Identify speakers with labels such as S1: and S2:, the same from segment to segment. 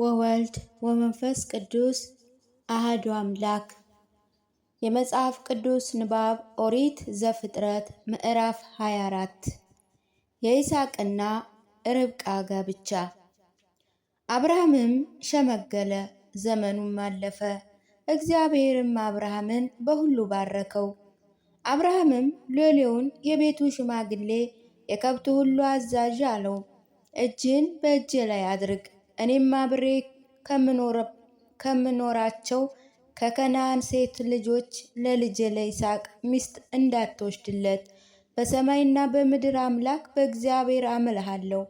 S1: ወወልድ ወመንፈስ ቅዱስ አህዱ አምላክ። የመጽሐፍ ቅዱስ ንባብ ኦሪት ዘፍጥረት ምዕራፍ 24 የይስሐቅና ርብቃ ጋብቻ። አብርሃምም ሸመገለ፣ ዘመኑም አለፈ፣ እግዚአብሔርም አብርሃምን በሁሉ ባረከው። አብርሃምም ሎሌውን የቤቱ ሽማግሌ የከብቱ ሁሉ አዛዥ አለው፣ እጅን በእጄ ላይ አድርግ እኔም አብሬ ከምኖራቸው ከከናን ሴት ልጆች ለልጄ ለይስሐቅ ሚስት እንዳትወስድለት በሰማይና በምድር አምላክ በእግዚአብሔር አመልሃለሁ።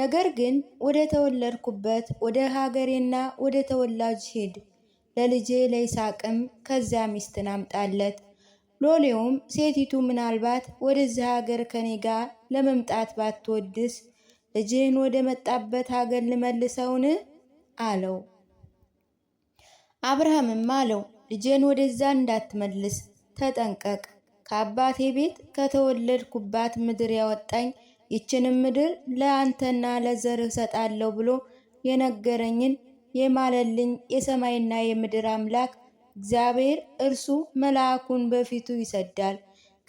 S1: ነገር ግን ወደ ተወለድኩበት ወደ ሀገሬና ወደ ተወላጅ ሂድ፣ ለልጄ ለይስሐቅም ከዚያ ሚስትን አምጣለት። ሎሌውም ሴቲቱ ምናልባት ወደዚህ ሀገር ከኔ ጋር ለመምጣት ባትወድስ ልጅህን ወደ መጣበት ሀገር ልመልሰውን አለው። አብርሃምም አለው ልጄን ወደዛ እንዳትመልስ ተጠንቀቅ። ከአባቴ ቤት ከተወለድኩባት ምድር ያወጣኝ ይችንም ምድር ለአንተና ለዘርህ እሰጣለሁ ብሎ የነገረኝን የማለልኝ የሰማይና የምድር አምላክ እግዚአብሔር እርሱ መልአኩን በፊቱ ይሰዳል።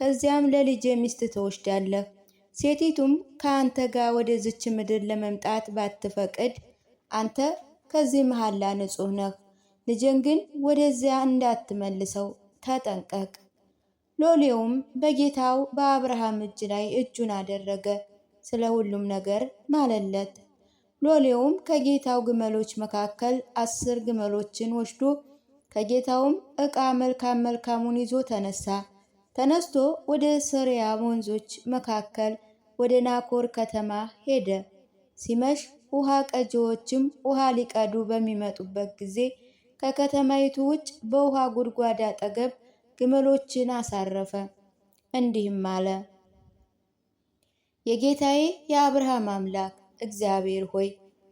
S1: ከዚያም ለልጄ ሚስት ትወስዳለህ ሴቲቱም ከአንተ ጋር ወደዝች ምድር ለመምጣት ባትፈቅድ አንተ ከዚህ መሐላ ንጹሕ ነህ። ልጅን ግን ወደዚያ እንዳትመልሰው ተጠንቀቅ። ሎሌውም በጌታው በአብርሃም እጅ ላይ እጁን አደረገ፣ ስለ ሁሉም ነገር ማለለት። ሎሌውም ከጌታው ግመሎች መካከል አስር ግመሎችን ወስዶ ከጌታውም ዕቃ መልካም መልካሙን ይዞ ተነሳ። ተነስቶ ወደ ሰሪያ ወንዞች መካከል ወደ ናኮር ከተማ ሄደ። ሲመሽ ውሃ ቀጂዎችም ውሃ ሊቀዱ በሚመጡበት ጊዜ ከከተማይቱ ውጭ በውሃ ጉድጓድ አጠገብ ግመሎችን አሳረፈ። እንዲህም አለ፣ የጌታዬ የአብርሃም አምላክ እግዚአብሔር ሆይ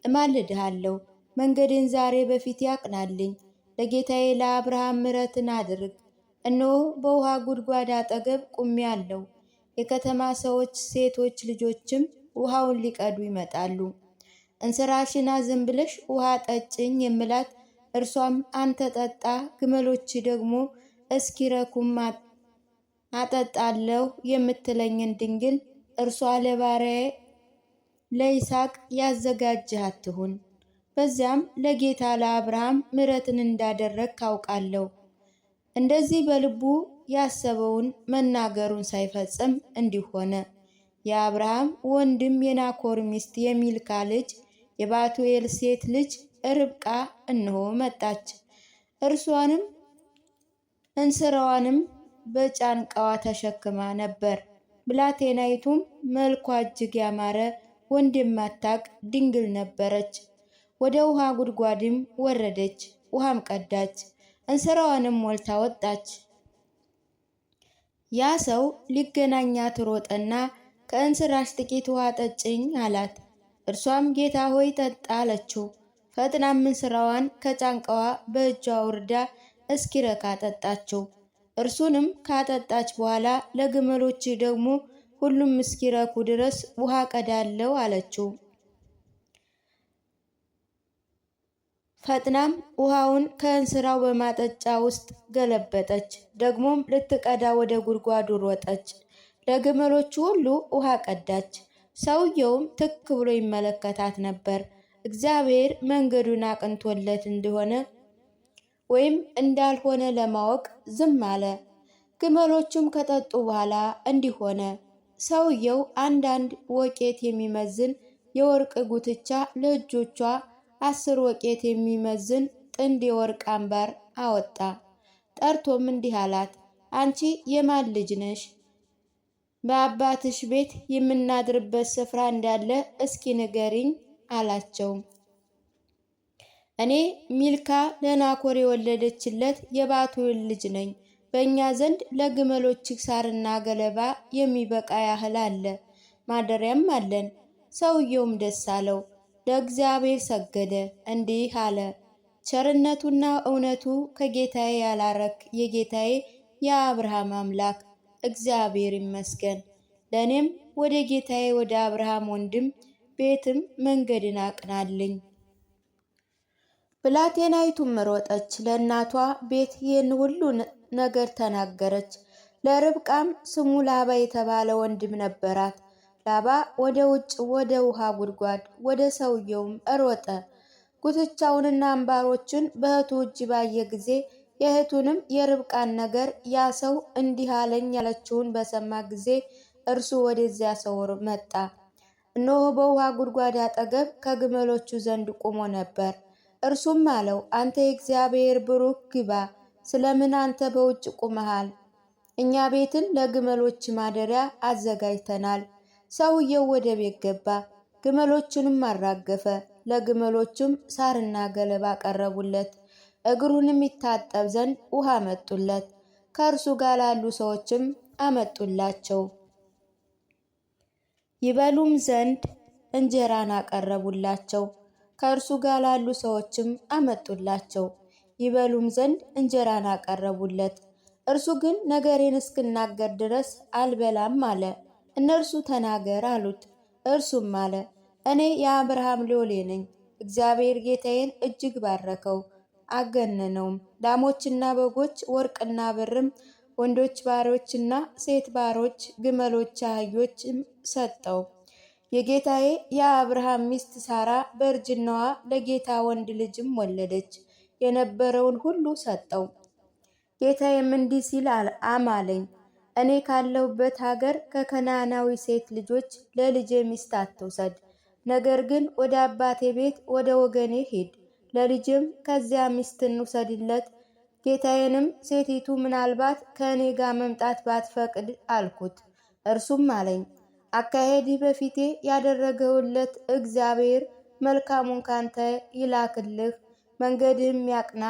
S1: እማልድሃለሁ፣ መንገድን ዛሬ በፊት ያቅናልኝ። ለጌታዬ ለአብርሃም ምሕረትን አድርግ። እነሆ በውሃ ጉድጓድ አጠገብ ቁሜ አለው። የከተማ ሰዎች ሴቶች ልጆችም ውሃውን ሊቀዱ ይመጣሉ። እንስራሽና ዝም ብለሽ ውሃ ጠጭኝ የምላት እርሷም አንተ ጠጣ፣ ግመሎች ደግሞ እስኪረኩም አጠጣለሁ የምትለኝን ድንግል እርሷ ለባሪያዬ ለይስሐቅ ያዘጋጅህ አትሁን። በዚያም ለጌታ ለአብርሃም ምሕረትን እንዳደረግ ካውቃለሁ። እንደዚህ በልቡ ያሰበውን መናገሩን ሳይፈጽም እንዲህ ሆነ። የአብርሃም ወንድም የናኮር ሚስት የሚልካ ልጅ የባቱኤል ሴት ልጅ ርብቃ እነሆ መጣች። እርሷንም እንስራዋንም በጫንቃዋ ተሸክማ ነበር። ብላቴናይቱም መልኳ እጅግ ያማረ ወንድማታቅ ድንግል ነበረች። ወደ ውሃ ጉድጓድም ወረደች፣ ውሃም ቀዳች፣ እንስራዋንም ሞልታ ወጣች። ያ ሰው ሊገናኛት ሮጠና ከእንስራሽ ጥቂት ውሃ ጠጭኝ አላት። እርሷም ጌታ ሆይ ጠጣ አለችው። ፈጥናም እንስራዋን ከጫንቃዋ በእጇ ወርዳ እስኪረካ ጠጣችው። እርሱንም ካጠጣች በኋላ ለግመሎች ደግሞ ሁሉም እስኪረኩ ድረስ ውሃ ቀዳለው አለችው። ፈጥናም ውሃውን ከእንስራው በማጠጫ ውስጥ ገለበጠች። ደግሞም ልትቀዳ ወደ ጉድጓዱ ሮጠች። ለግመሎቹ ሁሉ ውሃ ቀዳች። ሰውየውም ትክ ብሎ ይመለከታት ነበር። እግዚአብሔር መንገዱን አቅንቶለት እንደሆነ ወይም እንዳልሆነ ለማወቅ ዝም አለ። ግመሎቹም ከጠጡ በኋላ እንዲህ ሆነ። ሰውየው አንዳንድ ወቄት የሚመዝን የወርቅ ጉትቻ ለእጆቿ አስር ወቄት የሚመዝን ጥንድ የወርቅ አምባር አወጣ። ጠርቶም እንዲህ አላት፣ አንቺ የማን ልጅ ነሽ? በአባትሽ ቤት የምናድርበት ስፍራ እንዳለ እስኪ ንገሪኝ አላቸው። እኔ ሚልካ ለናኮር የወለደችለት የባቱል ልጅ ነኝ። በእኛ ዘንድ ለግመሎች ሳርና ገለባ የሚበቃ ያህል አለ፣ ማደሪያም አለን። ሰውየውም ደስ አለው። ለእግዚአብሔር ሰገደ፣ እንዲህ አለ ቸርነቱና እውነቱ ከጌታዬ ያላረክ የጌታዬ የአብርሃም አምላክ እግዚአብሔር ይመስገን። ለእኔም ወደ ጌታዬ ወደ አብርሃም ወንድም ቤትም መንገድን አቅናልኝ። ብላቴናይቱም ሮጠች፣ ለእናቷ ቤት ይህን ሁሉ ነገር ተናገረች። ለርብቃም ስሙ ላባ የተባለ ወንድም ነበራት። ላባ ወደ ውጭ ወደ ውሃ ጉድጓድ ወደ ሰውየውም ሮጠ። ጉትቻውንና አምባሮችን በእህቱ እጅ ባየ ጊዜ የእህቱንም የርብቃን ነገር ያ ሰው እንዲህ አለኝ ያለችውን በሰማ ጊዜ እርሱ ወደዚያ ሰው መጣ። እነሆ በውሃ ጉድጓድ አጠገብ ከግመሎቹ ዘንድ ቆሞ ነበር። እርሱም አለው፣ አንተ የእግዚአብሔር ብሩክ ግባ፣ ስለምን አንተ በውጭ ቆመሃል? እኛ ቤትን ለግመሎች ማደሪያ አዘጋጅተናል። ሰውየው ወደ ቤት ገባ። ግመሎቹንም አራገፈ። ለግመሎቹም ሳርና ገለባ ቀረቡለት። እግሩንም ይታጠብ ዘንድ ውሃ አመጡለት። ከእርሱ ጋር ላሉ ሰዎችም አመጡላቸው። ይበሉም ዘንድ እንጀራን አቀረቡላቸው። ከእርሱ ጋር ላሉ ሰዎችም አመጡላቸው። ይበሉም ዘንድ እንጀራን አቀረቡለት። እርሱ ግን ነገሬን እስክናገር ድረስ አልበላም አለ። እነርሱ ተናገር አሉት። እርሱም አለ እኔ የአብርሃም ሎሌ ነኝ። እግዚአብሔር ጌታዬን እጅግ ባረከው አገነነውም። ላሞችና በጎች፣ ወርቅና ብርም፣ ወንዶች ባሮችና ሴት ባሮች፣ ግመሎች፣ አህዮችም ሰጠው። የጌታዬ የአብርሃም ሚስት ሳራ በእርጅናዋ ለጌታ ወንድ ልጅም ወለደች። የነበረውን ሁሉ ሰጠው። ጌታዬም እንዲህ ሲል አማለኝ እኔ ካለሁበት ሀገር ከከናናዊ ሴት ልጆች ለልጄ ሚስት አትውሰድ። ነገር ግን ወደ አባቴ ቤት ወደ ወገኔ ሂድ፣ ለልጅም ከዚያ ሚስት እንውሰድለት። ጌታዬንም ሴቲቱ ምናልባት ከእኔ ጋር መምጣት ባትፈቅድ አልኩት። እርሱም አለኝ አካሄድህ በፊቴ ያደረገውለት እግዚአብሔር መልካሙን ካንተ ይላክልህ፣ መንገድህም ያቅና።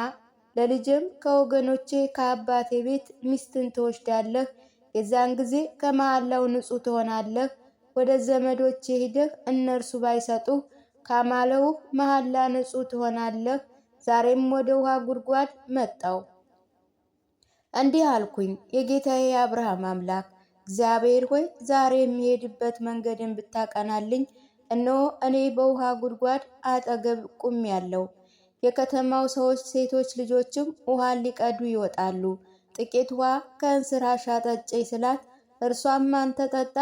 S1: ለልጅም ከወገኖቼ ከአባቴ ቤት ሚስትን ትወስዳለህ የዚያን ጊዜ ከመሐላው ንጹህ ትሆናለህ። ወደ ዘመዶች ሂደህ እነርሱ ባይሰጡህ ካማለው መሐላ ንጹህ ትሆናለህ። ዛሬም ወደ ውሃ ጉድጓድ መጣው። እንዲህ አልኩኝ፣ የጌታዬ የአብርሃም አምላክ እግዚአብሔር ሆይ ዛሬ የሚሄድበት መንገድን ብታቀናልኝ፣ እነሆ እኔ በውሃ ጉድጓድ አጠገብ ያለው የከተማው ሰዎች ሴቶች ልጆችም ውሃ ሊቀዱ ይወጣሉ። ጥቂት ውሃ ከእንስራ ሻጠጨኝ ስላት እርሷም አንተ ጠጣ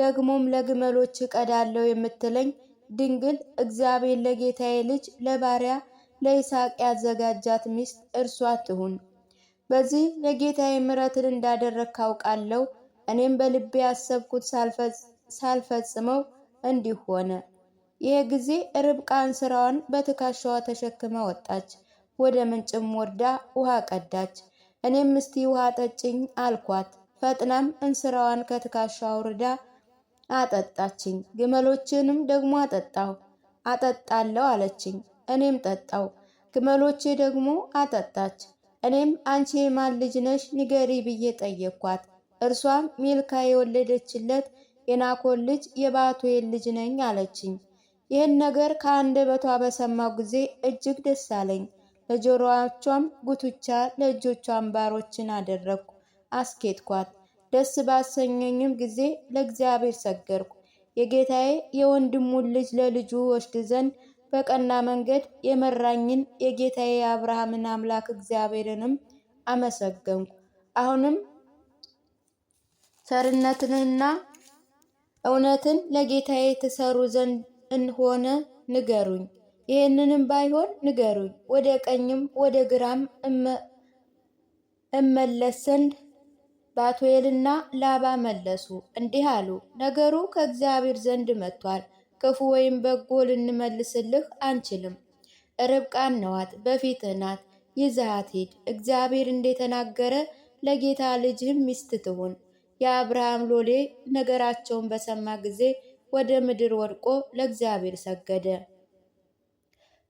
S1: ደግሞም ለግመሎች እቀዳለሁ የምትለኝ ድንግል እግዚአብሔር ለጌታዬ ልጅ ለባሪያ ለይስሐቅ ያዘጋጃት ሚስት እርሷ ትሁን። በዚህ ለጌታዬ ምረትን እንዳደረግ ካውቃለሁ። እኔም በልቤ ያሰብኩት ሳልፈጽመው እንዲህ ሆነ። ይህ ጊዜ ርብቃ እንስራዋን በትከሻዋ ተሸክማ ወጣች። ወደ ምንጭም ወርዳ ውሃ ቀዳች። እኔም እስቲ ውሃ ጠጭኝ አልኳት። ፈጥናም እንስራዋን ከትካሻ አውርዳ አጠጣችኝ። ግመሎችንም ደግሞ አጠጣሁ አጠጣለሁ አለችኝ። እኔም ጠጣው። ግመሎቼ ደግሞ አጠጣች። እኔም አንቺ የማን ልጅ ነሽ ንገሪ ብዬ ጠየኳት። እርሷም ሚልካ የወለደችለት የናኮን ልጅ የባቱኤል ልጅ ነኝ አለችኝ። ይህን ነገር ከአንደበቷ በሰማው ጊዜ እጅግ ደስ አለኝ። ለጆሮቿም ጉትቻ ለእጆቿ አምባሮችን አደረግኩ፣ አስኬጥኳት ደስ ባሰኘኝም ጊዜ ለእግዚአብሔር ሰገርኩ። የጌታዬ የወንድሙን ልጅ ለልጁ ወስድ ዘንድ በቀና መንገድ የመራኝን የጌታዬ የአብርሃምን አምላክ እግዚአብሔርንም አመሰገንኩ። አሁንም ሰርነትንና እውነትን ለጌታዬ ትሰሩ ዘንድ እንሆነ ንገሩኝ። ይህንንም ባይሆን ንገሩኝ፣ ወደ ቀኝም ወደ ግራም እመለስ ዘንድ ባቱኤልና ላባ መለሱ፣ እንዲህ አሉ፣ ነገሩ ከእግዚአብሔር ዘንድ መጥቷል። ክፉ ወይም በጎ ልንመልስልህ አንችልም። ርብቃን ነዋት፣ በፊትህ ናት፣ ይዘሃት ሂድ። እግዚአብሔር እንደተናገረ ለጌታ ልጅህም ሚስት ትሁን። የአብርሃም ሎሌ ነገራቸውን በሰማ ጊዜ ወደ ምድር ወድቆ ለእግዚአብሔር ሰገደ።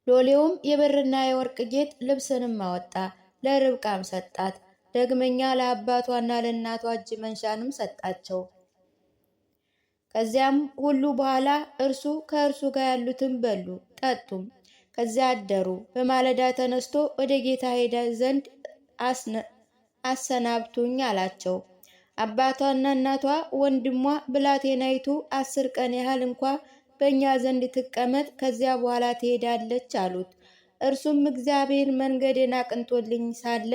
S1: ሎሌውም የብርና የወርቅ ጌጥ ልብስንም አወጣ፣ ለርብቃም ሰጣት። ደግመኛ ለአባቷና ለእናቷ እጅ መንሻንም ሰጣቸው። ከዚያም ሁሉ በኋላ እርሱ ከእርሱ ጋር ያሉትን በሉ ጠጡም፣ ከዚያ አደሩ። በማለዳ ተነስቶ ወደ ጌታ ሄደ ዘንድ አሰናብቱኝ አላቸው። አባቷና እናቷ ወንድሟ ብላቴናይቱ አስር ቀን ያህል እንኳ በእኛ ዘንድ ትቀመጥ፣ ከዚያ በኋላ ትሄዳለች አሉት። እርሱም እግዚአብሔር መንገዴን አቅንቶልኝ ሳለ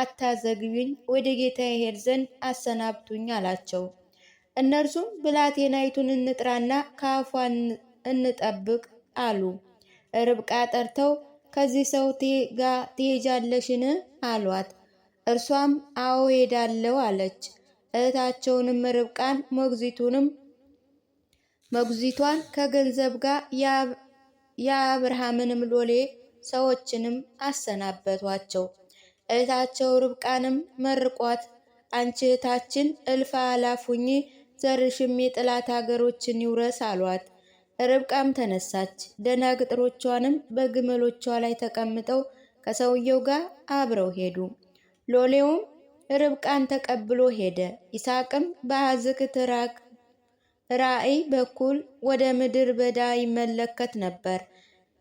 S1: አታዘግዩኝ፣ ወደ ጌታ ይሄድ ዘንድ አሰናብቱኝ አላቸው። እነርሱም ብላቴናይቱን እንጥራና ከአፏ እንጠብቅ አሉ። ርብቃ ጠርተው ከዚህ ሰው ጋ ትሄጃለሽን አሏት። እርሷም አዎ ሄዳለው አለች። እህታቸውንም ርብቃን ሞግዚቱንም መጉዚቷን ከገንዘብ ጋር የአብርሃምንም ሎሌ ሰዎችንም አሰናበቷቸው። እህታቸው ርብቃንም መርቋት አንቺ እህታችን እልፍ አላፉኝ ዘርሽም የጠላት ሀገሮችን ይውረስ አሏት። ርብቃም ተነሳች፣ ደናግጥሮቿንም በግመሎቿ ላይ ተቀምጠው ከሰውየው ጋር አብረው ሄዱ። ሎሌውም ርብቃን ተቀብሎ ሄደ። ይስሐቅም በአዝክ ትራክ ራእይ በኩል ወደ ምድር በዳ ይመለከት ነበር።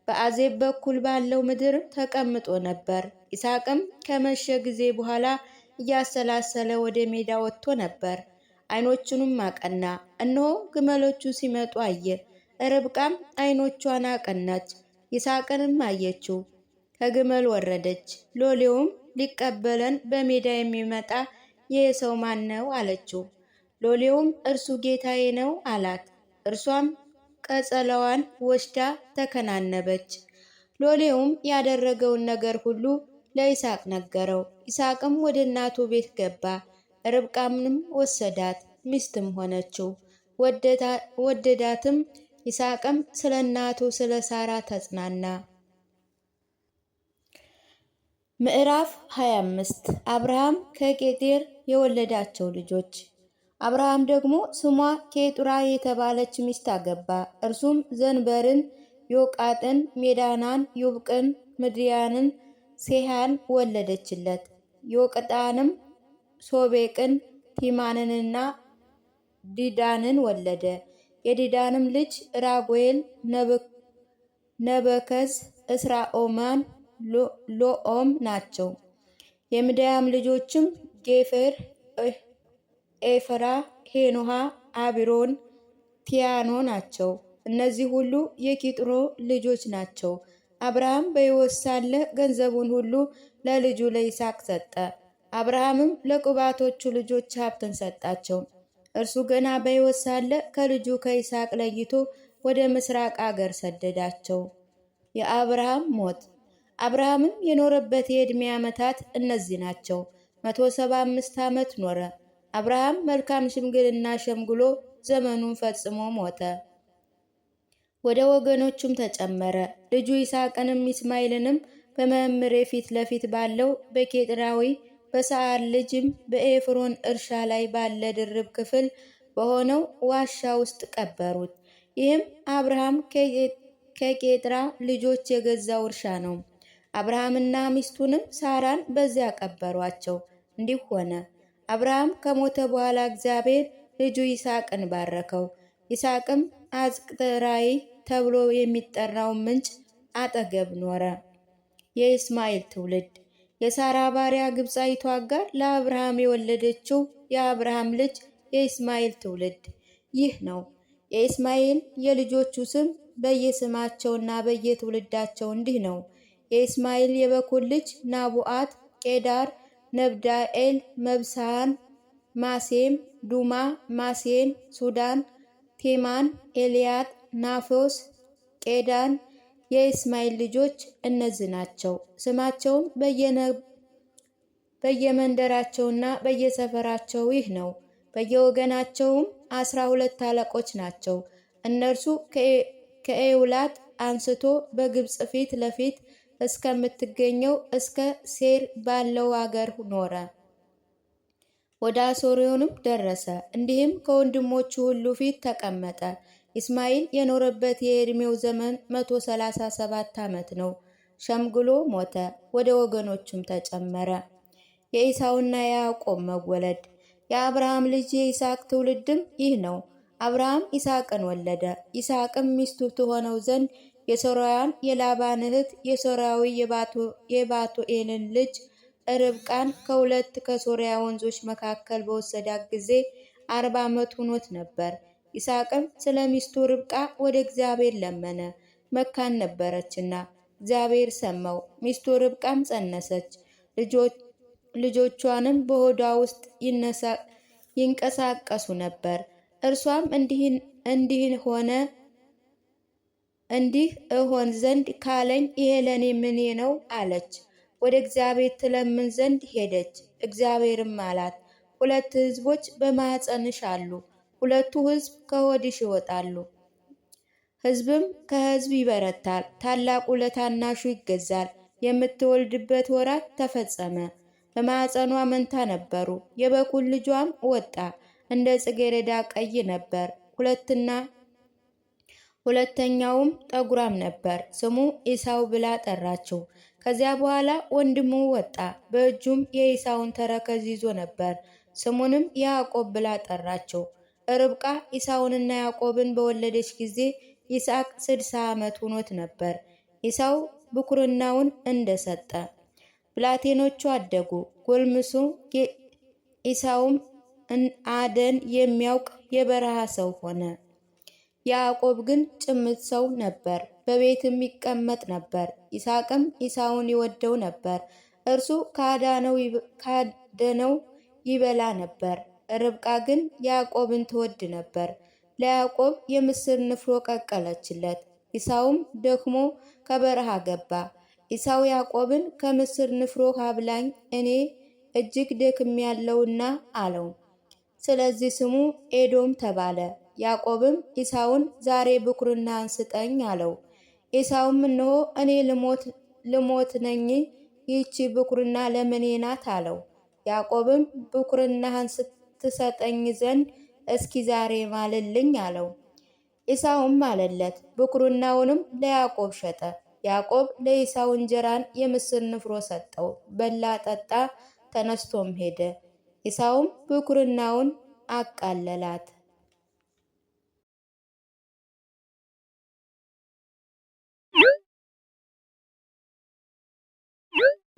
S1: በአዜብ በኩል ባለው ምድር ተቀምጦ ነበር። ይስሐቅም ከመሸ ጊዜ በኋላ እያሰላሰለ ወደ ሜዳ ወጥቶ ነበር። ዓይኖቹንም አቀና፣ እነሆ ግመሎቹ ሲመጡ አየ። ርብቃም ዓይኖቿን አቀናች፣ ይስሐቅንም አየችው። ከግመል ወረደች። ሎሌውም ሊቀበለን በሜዳ የሚመጣ ይህ ሰው ማን ነው? አለችው። ሎሌውም እርሱ ጌታዬ ነው አላት። እርሷም ቀጸላዋን ወስዳ ተከናነበች። ሎሌውም ያደረገውን ነገር ሁሉ ለይስሐቅ ነገረው። ይስሐቅም ወደ እናቱ ቤት ገባ። ርብቃምንም ወሰዳት፣ ሚስትም ሆነችው፣ ወደዳትም። ይስሐቅም ስለ እናቱ ስለ ሳራ ተጽናና። ምዕራፍ 25 አብርሃም ከቄጤር የወለዳቸው ልጆች አብርሃም ደግሞ ስሟ ኬጡራ የተባለች ሚስት አገባ። እርሱም ዘንበርን፣ ዮቃጥን፣ ሜዳናን፣ ዩብቅን፣ ምድያንን፣ ሴሃን ወለደችለት። ዮቅጣንም ሶቤቅን፣ ቲማንንና ዲዳንን ወለደ። የዲዳንም ልጅ ራጉኤል፣ ነበከዝ፣ እስራኦማን፣ ሎኦም ናቸው። የምድያም ልጆችም ጌፌር ኤፍራ፣ ሄኖሃ፣ አብሮን፣ ቲያኖ ናቸው። እነዚህ ሁሉ የኪጥሮ ልጆች ናቸው። አብርሃም በሕይወት ሳለ ገንዘቡን ሁሉ ለልጁ ለይስሐቅ ሰጠ። አብርሃምም ለቁባቶቹ ልጆች ሀብትን ሰጣቸው። እርሱ ገና በሕይወት ሳለ ከልጁ ከይስሐቅ ለይቶ ወደ ምስራቅ አገር ሰደዳቸው። የአብርሃም ሞት። አብርሃምም የኖረበት የዕድሜ ዓመታት እነዚህ ናቸው። መቶ ሰባ አምስት ዓመት ኖረ። አብርሃም መልካም ሽምግልና ሸምግሎ ዘመኑን ፈጽሞ ሞተ። ወደ ወገኖቹም ተጨመረ። ልጁ ይስሐቅንም ኢስማኤልንም በመምሬ ፊት ለፊት ባለው በኬጥራዊ በሰዓር ልጅም በኤፍሮን እርሻ ላይ ባለ ድርብ ክፍል በሆነው ዋሻ ውስጥ ቀበሩት። ይህም አብርሃም ከቄጥራ ልጆች የገዛው እርሻ ነው። አብርሃምና ሚስቱንም ሳራን በዚያ ቀበሯቸው። እንዲህ ሆነ። አብርሃም ከሞተ በኋላ እግዚአብሔር ልጁ ይስሐቅን ባረከው። ይስሐቅም አዝቅራይ ተብሎ የሚጠራው ምንጭ አጠገብ ኖረ። የእስማኤል ትውልድ የሳራ ባሪያ ግብፃዊቷ አጋር ለአብርሃም የወለደችው የአብርሃም ልጅ የእስማኤል ትውልድ ይህ ነው። የእስማኤል የልጆቹ ስም በየስማቸውና በየትውልዳቸው እንዲህ ነው። የእስማኤል የበኩር ልጅ ናቡአት፣ ቄዳር፣ ነብዳኤል መብሳን ማሴም ዱማ ማሴን ሱዳን ቴማን ኤልያት ናፎስ ቄዳን የእስማኤል ልጆች እነዚህ ናቸው። ስማቸውም በየመንደራቸውና በየሰፈራቸው ይህ ነው። በየወገናቸውም አስራ ሁለት አለቆች ናቸው። እነርሱ ከኤውላት አንስቶ በግብፅ ፊት ለፊት እስከምትገኘው እስከ ሴር ባለው አገር ኖረ። ወደ አሶሪዮንም ደረሰ። እንዲህም ከወንድሞቹ ሁሉ ፊት ተቀመጠ። ኢስማኤል የኖረበት የዕድሜው ዘመን 137 ዓመት ነው። ሸምግሎ ሞተ፣ ወደ ወገኖቹም ተጨመረ። የኢሳውና የያዕቆብ መወለድ የአብርሃም ልጅ የኢሳቅ ትውልድም ይህ ነው። አብርሃም ኢሳቅን ወለደ። ኢሳቅም ሚስቱ ትሆነው ዘንድ የሶርያዋን የላባን እህት የሶርያዊ የባቱኤልን ልጅ ርብቃን ከሁለት ከሶርያ ወንዞች መካከል በወሰዳት ጊዜ አርባ ዓመት ሁኖት ነበር። ይስሐቅም ስለ ሚስቱ ርብቃ ወደ እግዚአብሔር ለመነ፣ መካን ነበረችና እግዚአብሔር ሰማው። ሚስቱ ርብቃም ጸነሰች፣ ልጆቿንም በሆዷ ውስጥ ይንቀሳቀሱ ነበር። እርሷም እንዲህን ሆነ እንዲህ እሆን ዘንድ ካለኝ ይሄ ለእኔ ምኔ ነው አለች። ወደ እግዚአብሔር ትለምን ዘንድ ሄደች። እግዚአብሔርም አላት ሁለት ሕዝቦች በማኅፀንሽ አሉ፣ ሁለቱ ሕዝብ ከሆድሽ ይወጣሉ፣ ሕዝብም ከህዝብ ይበረታል፣ ታላቁ ለታናሹ ይገዛል። የምትወልድበት ወራት ተፈጸመ። በማኅፀኗ መንታ ነበሩ። የበኩር ልጇም ወጣ፣ እንደ ጽጌረዳ ቀይ ነበር። ሁለትና ሁለተኛውም ጠጉራም ነበር፣ ስሙ ኢሳው ብላ ጠራችው። ከዚያ በኋላ ወንድሙ ወጣ፣ በእጁም የኢሳውን ተረከዝ ይዞ ነበር፣ ስሙንም ያዕቆብ ብላ ጠራችው። ርብቃ ኢሳውንና ያዕቆብን በወለደች ጊዜ ይስሐቅ ስድሳ ዓመት ሆኖት ነበር። ኢሳው ብኩርናውን እንደሰጠ ብላቴኖቹ አደጉ። ጎልምሱ ኢሳውም አደን የሚያውቅ የበረሃ ሰው ሆነ። ያዕቆብ ግን ጭምት ሰው ነበር፣ በቤትም ይቀመጥ ነበር። ይስሐቅም ኢሳውን ይወደው ነበር፣ እርሱ ካደነው ይበላ ነበር። ርብቃ ግን ያዕቆብን ትወድ ነበር። ለያዕቆብ የምስር ንፍሮ ቀቀለችለት። ኢሳውም ደክሞ ከበረሃ ገባ። ኢሳው ያዕቆብን ከምስር ንፍሮ አብላኝ፣ እኔ እጅግ ደክሜያለሁና አለው። ስለዚህ ስሙ ኤዶም ተባለ። ያዕቆብም ኢሳውን ዛሬ ብኩርናህን ስጠኝ አለው። ኢሳውም እነሆ እኔ ልሞት ነኝ፣ ይህቺ ብኩርና ለምኔ ናት አለው። ያዕቆብም ብኩርናህን ስትሰጠኝ ዘንድ እስኪ ዛሬ ማልልኝ አለው። ኢሳውም አለለት ብኩርናውንም ለያዕቆብ ሸጠ። ያዕቆብ ለኢሳው እንጀራን የምስር ንፍሮ ሰጠው፣ በላ ጠጣ፣ ተነስቶም ሄደ። ኢሳውም ብኩርናውን አቃለላት።